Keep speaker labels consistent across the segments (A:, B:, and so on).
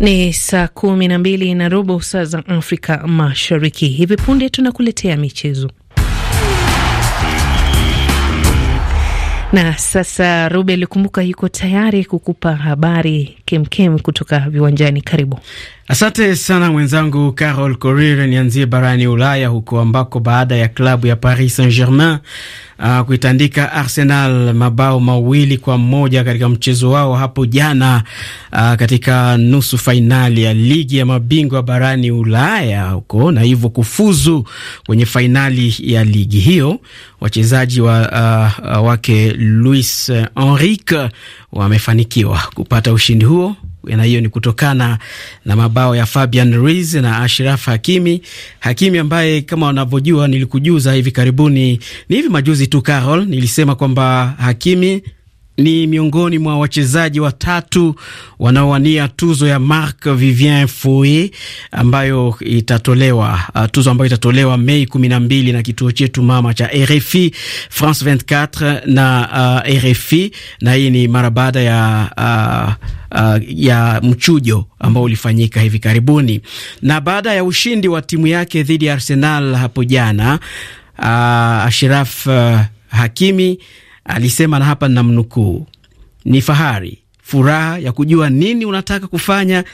A: Ni saa kumi na mbili na robo saa za Afrika Mashariki. Hivi punde tunakuletea michezo. Na sasa Ruben Likumbuka yuko tayari kukupa habari kemkem kutoka viwanjani. Karibu.
B: Asante sana mwenzangu Carol corir Nianzie barani Ulaya, huko ambako baada ya klabu ya Paris Saint Germain uh, kuitandika Arsenal mabao mawili kwa moja katika mchezo wao hapo jana uh, katika nusu fainali ya ligi ya mabingwa barani Ulaya huko, na hivyo kufuzu kwenye fainali ya ligi hiyo, wachezaji wa, uh, wake Luis Enrique wamefanikiwa kupata ushindi huo na hiyo ni kutokana na mabao ya Fabian Ruiz na Ashraf Hakimi. Hakimi ambaye kama wanavyojua, nilikujuza hivi karibuni, ni hivi majuzi tu Carol, nilisema kwamba Hakimi ni miongoni mwa wachezaji watatu wanaowania tuzo ya Marc Vivien Foe ambayo itatolewa uh, tuzo ambayo itatolewa Mei kumi na mbili na kituo chetu mama cha RFI France 24 na uh, RFI na hii ni mara baada ya uh, Uh, ya mchujo ambao ulifanyika hivi karibuni na baada ya ushindi wa timu yake dhidi ya Arsenal hapo jana, uh, Ashraf uh, Hakimi Alisema na hapa namnukuu, ni fahari, furaha ya kujua nini unataka kufanya,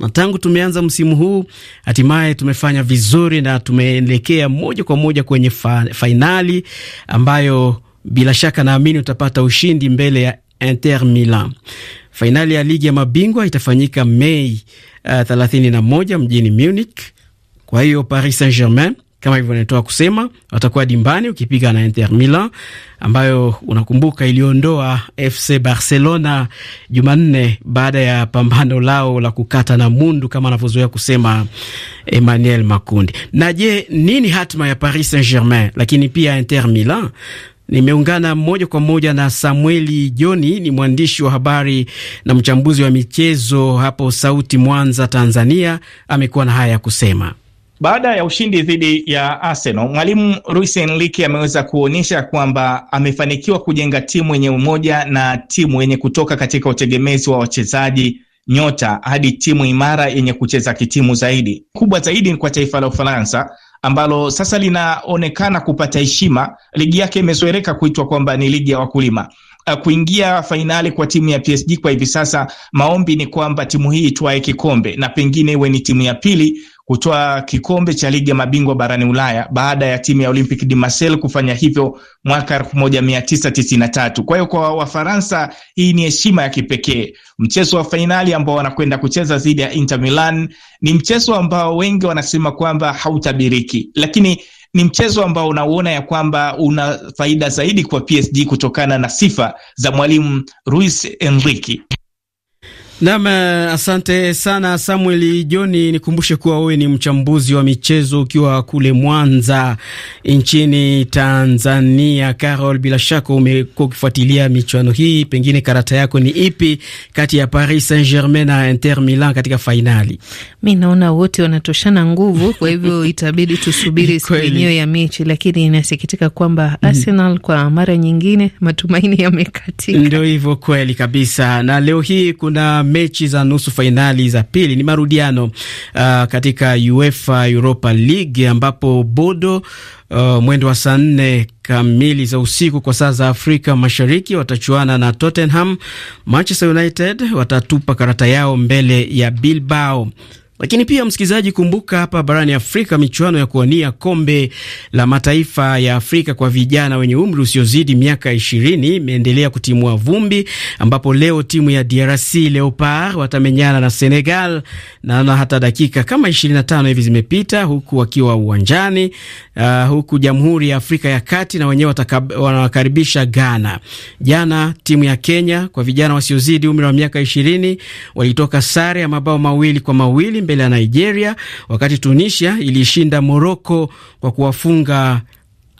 B: na tangu tumeanza msimu huu hatimaye tumefanya vizuri na tumeelekea moja kwa moja kwenye fa fainali ambayo bila shaka naamini utapata ushindi mbele ya Inter Milan. Fainali ya ligi ya mabingwa itafanyika Mei uh, 31 mjini Munich. Kwa hiyo Paris Saint-Germain kama hivyo natoa kusema watakuwa dimbani ukipiga na Inter Milan ambayo unakumbuka iliondoa FC Barcelona Jumanne baada ya pambano lao la kukata na mundu kama anavyozoea kusema Emmanuel Makundi. Na je, nini hatima ya Paris Saint-Germain lakini pia Inter Milan? Nimeungana moja kwa moja na Samueli Joni, ni mwandishi wa habari na mchambuzi wa michezo hapo Sauti Mwanza, Tanzania. Amekuwa na haya ya kusema.
C: Baada ya ushindi dhidi ya Arsenal, mwalimu Luis Enrique ameweza kuonyesha kwamba amefanikiwa kujenga timu yenye umoja na timu yenye kutoka katika utegemezi wa wachezaji nyota hadi timu imara yenye kucheza kitimu zaidi. Kubwa zaidi ni kwa taifa la Ufaransa ambalo sasa linaonekana kupata heshima. Ligi yake imezoeleka kuitwa kwamba ni ligi ya wakulima. Kuingia fainali kwa timu ya PSG kwa hivi sasa, maombi ni kwamba timu hii itwae kikombe na pengine iwe ni timu ya pili kutoa kikombe cha ligi ya mabingwa barani Ulaya baada ya timu ya olympic de Marseille kufanya hivyo mwaka 1993. Kwa hiyo kwa Wafaransa hii ni heshima ya kipekee. Mchezo wa fainali ambao wanakwenda kucheza dhidi ya Inter Milan ni mchezo ambao wengi wanasema kwamba hautabiriki, lakini ni mchezo ambao unauona ya kwamba una faida zaidi kwa PSG kutokana na sifa za mwalimu Luis Enrique.
B: Nam, eh, asante sana Samuel Joni. Nikumbushe kuwa wewe ni mchambuzi wa michezo ukiwa kule Mwanza nchini Tanzania. Carol, bila shaka umekuwa ukifuatilia michuano hii, pengine karata yako ni ipi kati ya Paris Saint Germain na Inter Milan katika fainali?
A: Mi naona wote wanatoshana nguvu, kwa hivyo itabidi tusubiri siku yenyewe ya mechi, lakini inasikitika kwamba mhm. Arsenal kwa mara nyingine matumaini yamekatika. Ndio
B: hivyo, kweli kabisa. Na leo hii kuna mechi za nusu fainali za pili ni marudiano uh, katika UEFA Europa League ambapo Bodo Uh, mwendo wa saa nne kamili za usiku kwa saa za Afrika Mashariki watachuana na Tottenham. Manchester United watatupa karata yao mbele ya Bilbao. Lakini pia msikilizaji, kumbuka hapa barani Afrika michuano ya kuwania kombe la mataifa ya Afrika kwa vijana wenye umri usiozidi miaka ishirini imeendelea kutimua vumbi, ambapo leo timu ya DRC Leopard watamenyana na Senegal. Naona hata dakika kama ishirini na tano hivi zimepita huku wakiwa uwanjani, uh, huku Jamhuri ya Afrika ya Kati na wenyewe wanawakaribisha Ghana. Jana timu ya Kenya kwa vijana wasiozidi umri wa miaka ishirini walitoka sare ya mabao mawili kwa mawili mbele ya Nigeria, wakati Tunisia ilishinda Moroko kwa kuwafunga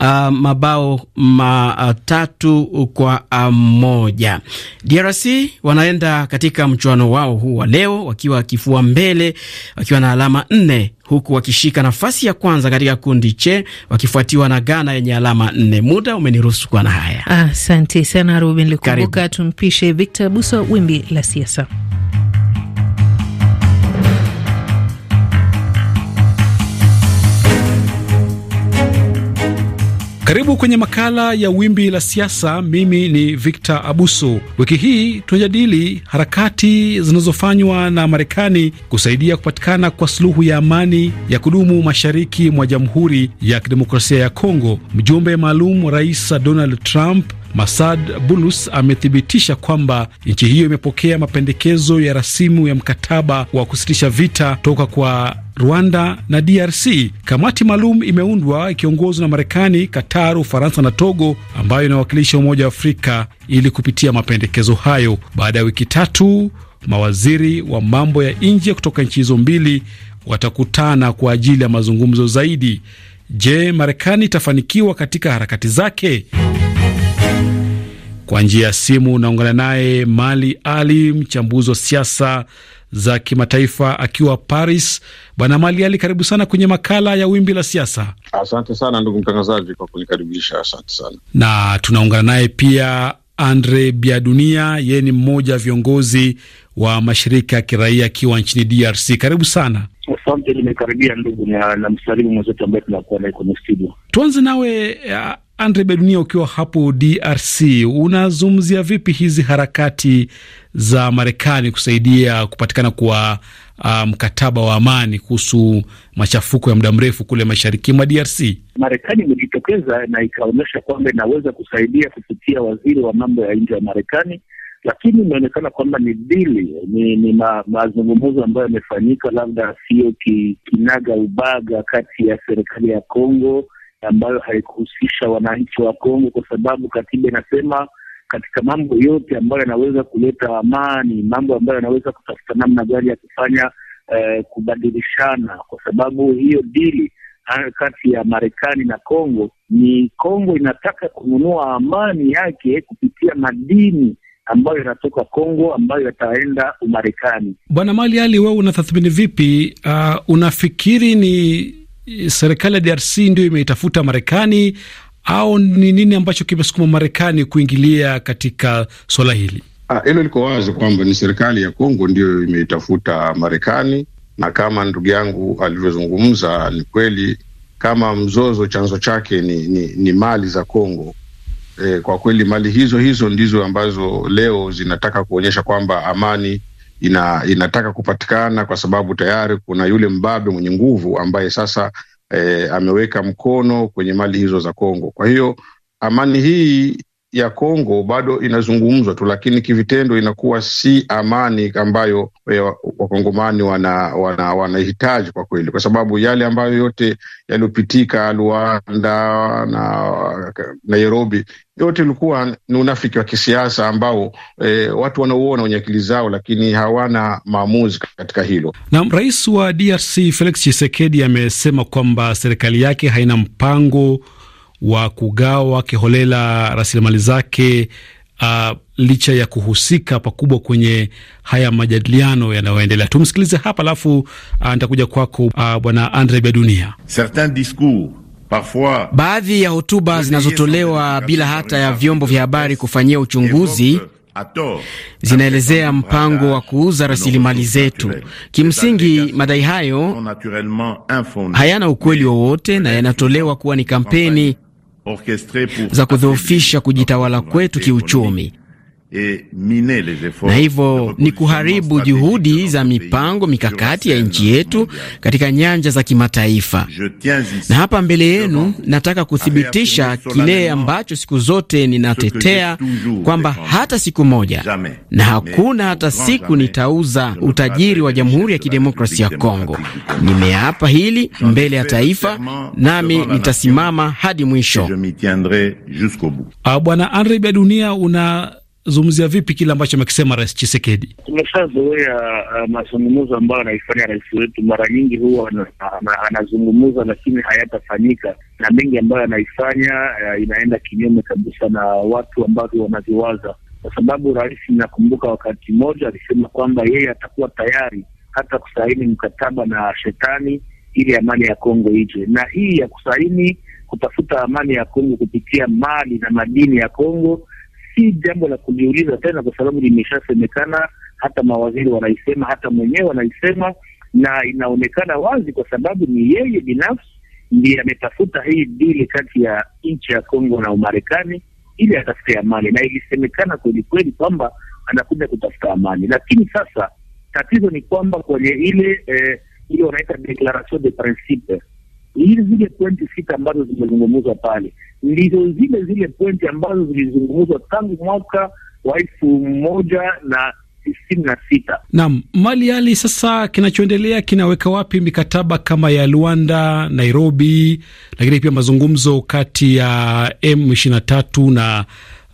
B: Uh, mabao matatu uh, kwa uh, moja. DRC wanaenda katika mchuano wao huu wa leo wakiwa kifua mbele wakiwa na alama nne huku wakishika nafasi ya kwanza katika kundi che wakifuatiwa na Ghana yenye alama nne. Muda umeniruhusu kuwa na haya.
A: Asante ah, sana Ruben. Likumbuka tumpishe Victor Buso, wimbi la siasa.
D: Karibu kwenye makala ya wimbi la siasa. Mimi ni Victor Abuso. Wiki hii tunajadili harakati zinazofanywa na Marekani kusaidia kupatikana kwa suluhu ya amani ya kudumu mashariki mwa Jamhuri ya Kidemokrasia ya Kongo. Mjumbe maalum wa Rais Donald Trump Masad Bulus amethibitisha kwamba nchi hiyo imepokea mapendekezo ya rasimu ya mkataba wa kusitisha vita toka kwa Rwanda na DRC. Kamati maalum imeundwa ikiongozwa na Marekani, Qatar, Ufaransa na Togo, ambayo inawakilisha Umoja wa Afrika ili kupitia mapendekezo hayo. Baada ya wiki tatu, mawaziri wa mambo ya nje kutoka nchi hizo mbili watakutana kwa ajili ya mazungumzo zaidi. Je, Marekani itafanikiwa katika harakati zake? Kwa njia ya simu unaungana naye Mali Ali, mchambuzi wa siasa za kimataifa akiwa Paris. Bwana Mali Ali, karibu sana kwenye makala ya wimbi la siasa.
A: Asante sana ndugu mtangazaji kwa kunikaribisha. Asante sana.
D: Na tunaungana naye pia Andre Biadunia, yeye ni mmoja wa viongozi wa mashirika ya kiraia akiwa nchini DRC. Karibu sana.
E: Asante, nimekaribia ndugu, na msalimu mwenzetu ambaye tunakuwa naye kwenye studio.
D: Tuanze nawe eh, Andre Bedunia, ukiwa hapo DRC, unazungumzia vipi hizi harakati za Marekani kusaidia kupatikana kwa uh, mkataba um, wa amani kuhusu machafuko ya muda mrefu kule mashariki mwa DRC?
E: Marekani imejitokeza na ikaonyesha kwamba inaweza kusaidia kupitia waziri wa mambo ya nje wa Marekani, lakini imeonekana kwamba ni dili ni, ni ma, mazungumzo ambayo yamefanyika labda sio ki, kinaga ubaga kati ya serikali ya Kongo ambayo haikuhusisha wananchi wa Kongo, kwa sababu katiba inasema katika mambo yote ambayo yanaweza kuleta amani, mambo ambayo yanaweza kutafuta namna gani ya kufanya eh, kubadilishana, kwa sababu hiyo dili ah, kati ya Marekani na Kongo ni Kongo inataka kununua amani yake kupitia madini ambayo yanatoka Kongo ambayo yataenda Umarekani.
D: Bwana Mali Ali, wewe unatathmini vipi? Uh, unafikiri ni serikali ya DRC ndio imeitafuta Marekani au ni nini ambacho kimesukuma Marekani kuingilia katika swala hili?
A: Ah, hilo liko wazi kwamba ni serikali ya Kongo ndiyo imeitafuta Marekani, na kama ndugu yangu alivyozungumza ni kweli, kama mzozo chanzo chake ni, ni, ni mali za Kongo. E, kwa kweli mali hizo hizo ndizo ambazo leo zinataka kuonyesha kwamba amani ina, inataka kupatikana kwa sababu tayari kuna yule mbabe mwenye nguvu ambaye sasa eh, ameweka mkono kwenye mali hizo za Kongo. Kwa hiyo amani hii ya Kongo bado inazungumzwa tu, lakini kivitendo inakuwa si amani ambayo eh, wakongomani wanahitaji wana, wana kwa kweli, kwa sababu yale ambayo yote yaliyopitika Luanda na Nairobi yote ilikuwa ni unafiki wa kisiasa ambao e, watu wanauona wenye akili zao, lakini hawana maamuzi katika hilo.
D: Na rais wa DRC Felix Tshisekedi amesema kwamba serikali yake haina mpango wa kugawa kiholela rasilimali zake uh, licha ya kuhusika pakubwa kwenye haya majadiliano yanayoendelea. Tumsikilize hapa alafu uh, nitakuja kwako uh, bwana Andre Bedunia.
B: Baadhi ya hotuba zinazotolewa bila hata ya vyombo vya habari kufanyia uchunguzi zinaelezea mpango wa kuuza rasilimali zetu. Kimsingi, madai hayo hayana ukweli wowote na yanatolewa kuwa ni kampeni
A: za kudhoofisha kujitawala kwetu kiuchumi. E na hivyo ni kuharibu
B: juhudi za mipango mikakati ya nchi yetu katika nyanja za kimataifa. Na hapa mbele yenu nataka kuthibitisha kile ambacho siku zote ninatetea kwamba hata siku moja na hakuna hata siku nitauza utajiri wa Jamhuri ya Kidemokrasia ya Kongo. Nimeapa hili mbele ya taifa, nami
D: nitasimama hadi mwisho. Ah, bwana Bedunia, una zungumzia vipi kile ambacho amekisema Rais Chisekedi?
E: Tumeshazoea uh, mazungumzo ambayo anaifanya rais wetu, mara nyingi huwa anazungumza lakini hayatafanyika, na mengi ambayo anaifanya uh, inaenda kinyume kabisa na watu ambavyo wanaviwaza, kwa sababu rais, nakumbuka wakati mmoja alisema kwamba yeye atakuwa tayari hata kusaini mkataba na shetani ili amani ya Kongo ije, na hii ya kusaini kutafuta amani ya Kongo kupitia mali na madini ya Kongo si jambo la kujiuliza tena, kwa sababu limeshasemekana. Hata mawaziri wanaisema, hata mwenyewe wanaisema, na inaonekana wazi, kwa sababu ni yeye binafsi ndiye ametafuta hii dili kati ya nchi ya Kongo na Umarekani ili atafute amani, na ilisemekana kweli kweli kwamba anakuja kutafuta amani. Lakini sasa tatizo ni kwamba kwenye ile eh, ile wanaita declaration de principe, hizi zile pointi sita ambazo zimezungumzwa pale ndizo zile zile pointi ambazo zilizungumzwa tangu mwaka wa elfu moja na tisini na sita.
D: Naam, Mali hali sasa kinachoendelea kinaweka wapi mikataba kama ya Luanda, Nairobi, lakini pia mazungumzo kati ya M ishirini na tatu na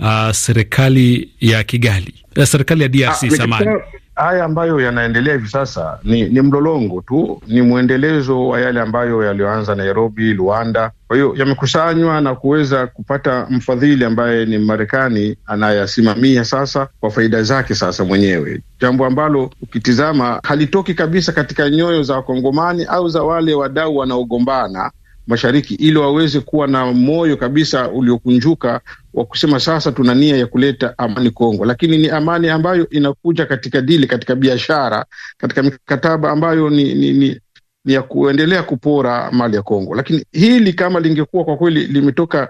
D: ah, serikali ya Kigali, eh, serikali ya DRC ah, samani
A: haya ambayo yanaendelea hivi sasa ni, ni mlolongo tu, ni mwendelezo wa yale ambayo yaliyoanza Nairobi, Luanda. Kwa hiyo yamekusanywa na kuweza kupata mfadhili ambaye ni Marekani anayasimamia sasa kwa faida zake sasa mwenyewe, jambo ambalo ukitizama halitoki kabisa katika nyoyo za Wakongomani au za wale wadau wanaogombana Mashariki ili waweze kuwa na moyo kabisa uliokunjuka wa kusema sasa tuna nia ya kuleta amani Kongo, lakini ni amani ambayo inakuja katika dili, katika biashara, katika mikataba ambayo ni, ni, ni, ni ya kuendelea kupora mali ya Kongo. Lakini hili kama lingekuwa kwa kweli limetoka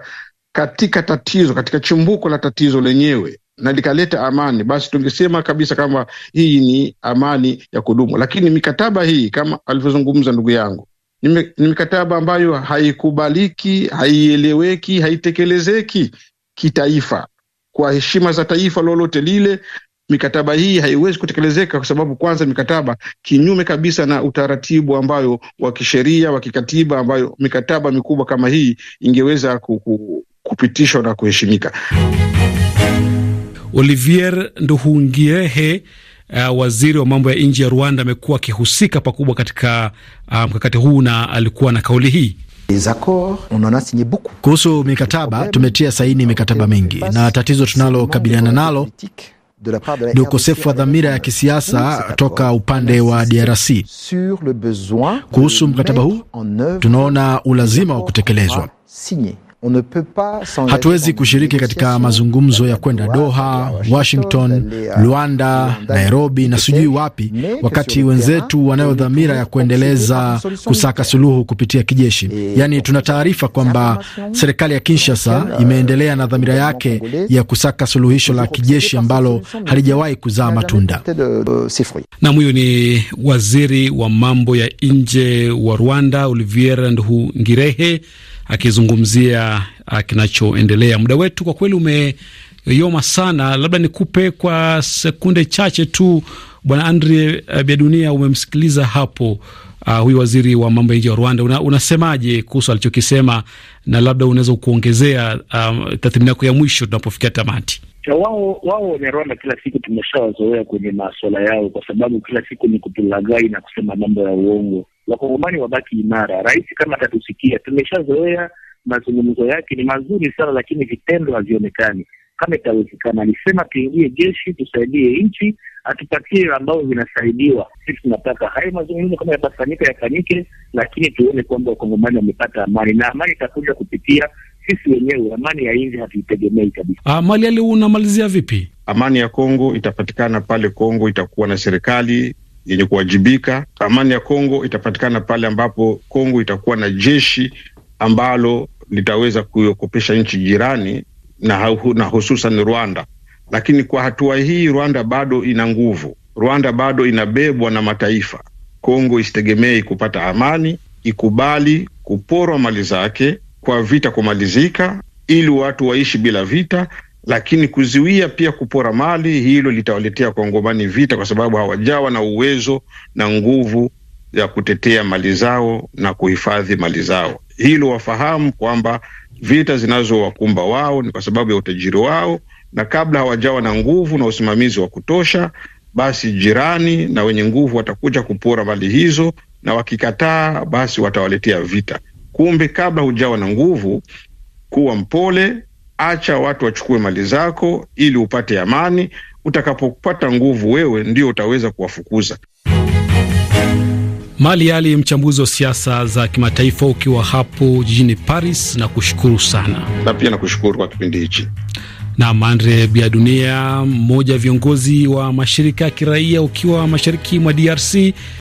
A: katika tatizo, katika chimbuko la tatizo lenyewe na likaleta amani, basi tungesema kabisa kama hii ni amani ya kudumu. Lakini mikataba hii kama alivyozungumza ndugu yangu ni mikataba ambayo haikubaliki, haieleweki, haitekelezeki kitaifa kwa heshima za taifa lolote lile. Mikataba hii haiwezi kutekelezeka kwa sababu kwanza, mikataba kinyume kabisa na utaratibu ambayo wa kisheria wa kikatiba ambayo mikataba mikubwa kama hii ingeweza kupitishwa na kuheshimika.
D: Olivier Nduhungiehe uh, waziri wa mambo ya nje ya Rwanda amekuwa akihusika pakubwa katika ah, mkakati um, huu na alikuwa na kauli hii kuhusu mikataba. Tumetia saini mikataba mingi, na tatizo tunalokabiliana nalo ni ukosefu wa dhamira ya kisiasa toka upande wa DRC. Kuhusu mkataba huu, tunaona ulazima wa kutekelezwa. Hatuwezi kushiriki katika mazungumzo ya kwenda Doha, Washington, Luanda, Nairobi na sijui wapi, wakati wenzetu wanayo dhamira ya kuendeleza kusaka suluhu kupitia kijeshi. Yaani, tuna taarifa kwamba serikali ya Kinshasa euh, imeendelea na dhamira yake ya kusaka suluhisho la kijeshi ambalo halijawahi kuzaa matunda. Euh, Nam, huyu ni waziri wa mambo ya nje wa Rwanda, Olivier Nduhungirehe akizungumzia ah, kinachoendelea. Muda wetu kwa kweli umeyoma sana, labda nikupe kwa sekunde chache tu. Bwana Andre ah, Biadunia, umemsikiliza hapo uh, huyu waziri wa mambo ya nje wa Rwanda, una, unasemaje kuhusu alichokisema na labda unaweza kuongezea um, tathmini yako ya mwisho tunapofikia tamati?
E: Wao wao rwanda kila siku tumeshawazoea kwenye maswala yao, kwa sababu kila siku ni kutulagai na kusema mambo ya uongo wakongomani wabaki imara. Rais kama atatusikia, tumeshazoea mazungumzo yake ni mazuri sana, lakini vitendo havionekani. Kama itawezekana, alisema tuingie jeshi, tusaidie nchi, atupatie ambao vinasaidiwa. Sisi tunataka hayo mazungumzo kama yatafanyika, yafanyike, lakini tuone kwamba wakongomani wamepata amani, na amani itakuja kupitia sisi wenyewe. Amani ya nje hatuitegemei kabisa.
A: Ah, Mali Ali, unamalizia vipi? Amani ya Kongo itapatikana pale Kongo itakuwa na serikali yenye kuwajibika. Amani ya Kongo itapatikana pale ambapo Kongo itakuwa na jeshi ambalo litaweza kuiokopesha nchi jirani na, na hususan Rwanda. Lakini kwa hatua hii Rwanda bado ina nguvu, Rwanda bado inabebwa na mataifa. Kongo isitegemee kupata amani, ikubali kuporwa mali zake kwa vita kumalizika, ili watu waishi bila vita lakini kuziwia pia kupora mali, hilo litawaletea kongomani vita, kwa sababu hawajawa na uwezo na nguvu ya kutetea mali zao na kuhifadhi mali zao. Hilo wafahamu kwamba vita zinazowakumba wao ni kwa sababu ya utajiri wao, na kabla hawajawa na nguvu na usimamizi wa kutosha, basi jirani na wenye nguvu watakuja kupora mali hizo, na wakikataa, basi watawaletea vita. Kumbe kabla hujawa na nguvu, kuwa mpole acha watu wachukue mali zako ili upate amani. Utakapopata nguvu, wewe ndio utaweza kuwafukuza.
D: Mali Ali, mchambuzi wa siasa za kimataifa, ukiwa hapo jijini Paris, na kushukuru
A: sana. Na pia nakushukuru kwa kipindi hichi.
D: Nam Andre Bia Dunia, mmoja viongozi wa mashirika ya kiraia, ukiwa mashariki mwa DRC.